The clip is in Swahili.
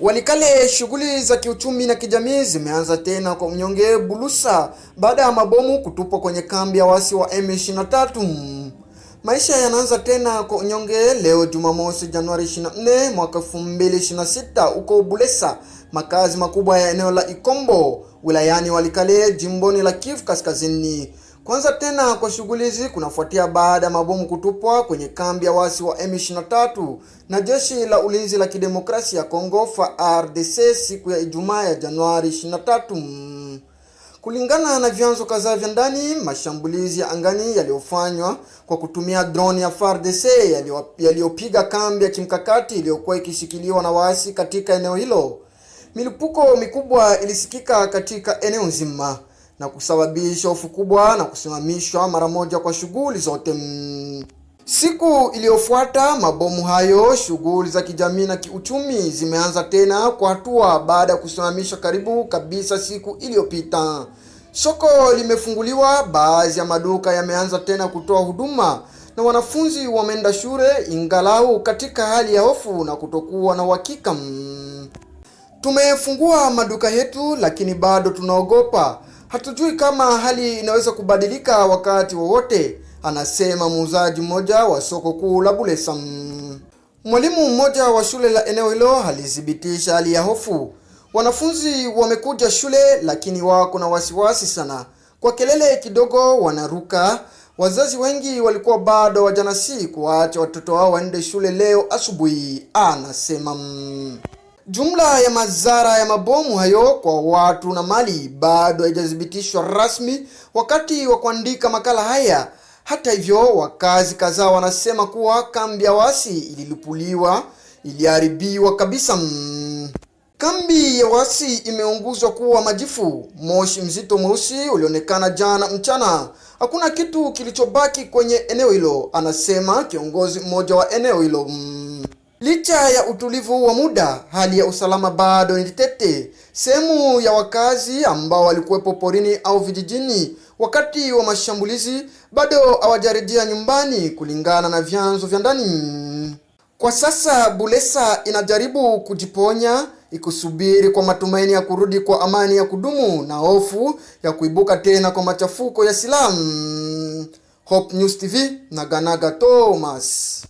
Walikale, shughuli za kiuchumi na kijamii zimeanza tena kwa mnyonge Bulusa baada ya mabomu kutupwa kwenye kambi ya wasi wa M23. Maisha yanaanza tena kwa unyonge leo Jumamosi Januari 24 mwaka 2026 huko Bulesa, makazi makubwa ya eneo la Ikombo wilayani Walikale, jimboni la Kivu Kaskazini. Kwanza tena kwa shughuli hizi kunafuatia baada ya mabomu kutupwa kwenye kambi ya waasi wa M23 na jeshi la ulinzi la kidemokrasia ya Kongo FARDC siku ya Ijumaa ya Januari 23. Kulingana na vyanzo kadhaa vya ndani, mashambulizi ya angani yaliyofanywa kwa kutumia drone ya FARDC yaliyopiga kambi ya kimkakati iliyokuwa ikishikiliwa na waasi katika eneo hilo. Milipuko mikubwa ilisikika katika eneo nzima na kusababisha hofu kubwa na kusimamishwa mara moja kwa shughuli zote. Siku iliyofuata mabomu hayo, shughuli za kijamii na kiuchumi zimeanza tena kwa hatua baada ya kusimamishwa karibu kabisa siku iliyopita. Soko limefunguliwa, baadhi ya maduka yameanza tena kutoa huduma na wanafunzi wameenda shule, ingalau katika hali ya hofu na kutokuwa na uhakika. Tumefungua maduka yetu, lakini bado tunaogopa hatujui kama hali inaweza kubadilika wakati wowote anasema muuzaji mmoja wa soko kuu la Bulesam. Mwalimu mmoja wa shule la eneo hilo alithibitisha hali ya hofu. Wanafunzi wamekuja shule lakini wako na wasiwasi sana, kwa kelele kidogo wanaruka. Wazazi wengi walikuwa bado wajanasi kuwaacha watoto wao waende shule leo asubuhi, anasema. Jumla ya madhara ya mabomu hayo kwa watu na mali bado haijathibitishwa rasmi wakati wa kuandika makala haya. Hata hivyo, wakazi kadhaa wanasema kuwa kambi ya wasi ililipuliwa, iliharibiwa kabisa. Kambi ya wasi imeunguzwa kuwa majifu. Moshi mzito mweusi ulionekana jana mchana. Hakuna kitu kilichobaki kwenye eneo hilo, anasema kiongozi mmoja wa eneo hilo. Licha ya utulivu wa muda, hali ya usalama bado ni tete. Sehemu ya wakazi ambao walikuwepo porini au vijijini wakati wa mashambulizi bado hawajarejea nyumbani, kulingana na vyanzo vya ndani. Kwa sasa Bulesa inajaribu kujiponya ikusubiri kwa matumaini ya kurudi kwa amani ya kudumu na hofu ya kuibuka tena kwa machafuko ya silamu. Hope News TV, Ganaga Thomas.